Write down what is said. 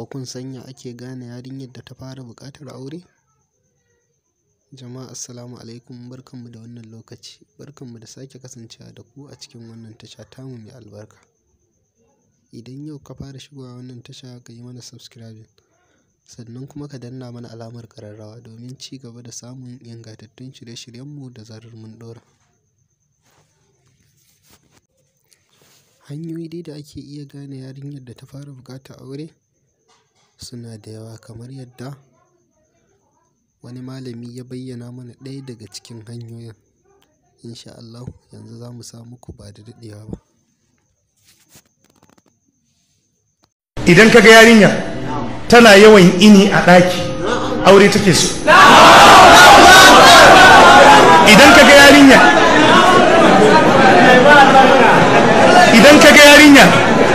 Ko kun san ya ake gane yarinyar da ta fara buƙatar aure? Jama'a assalamu alaikum barkanmu da wannan lokaci. Barkanmu da sake kasancewa da ku a cikin wannan tasha tamu mai albarka. Idan yau ka fara shigowa wannan tasha ka yi mana subscribing sannan kuma ka danna mana alamar kararrawa domin ci gaba da samun ingantattun shirye-shiryenmu da zarar mun ɗora. Hanyoyi dai da ake iya gane yarinyar da ta fara buƙatar aure suna da yawa kamar yadda wani malami ya bayyana mana ɗaya daga cikin hanyoyin. insha Allah, yanzu za mu sa muku ba da daɗewa ba. Idan ka ga yarinya tana yawan ini a ɗaki aure take so. Idan ka ga yarinya idan ka ga yarinya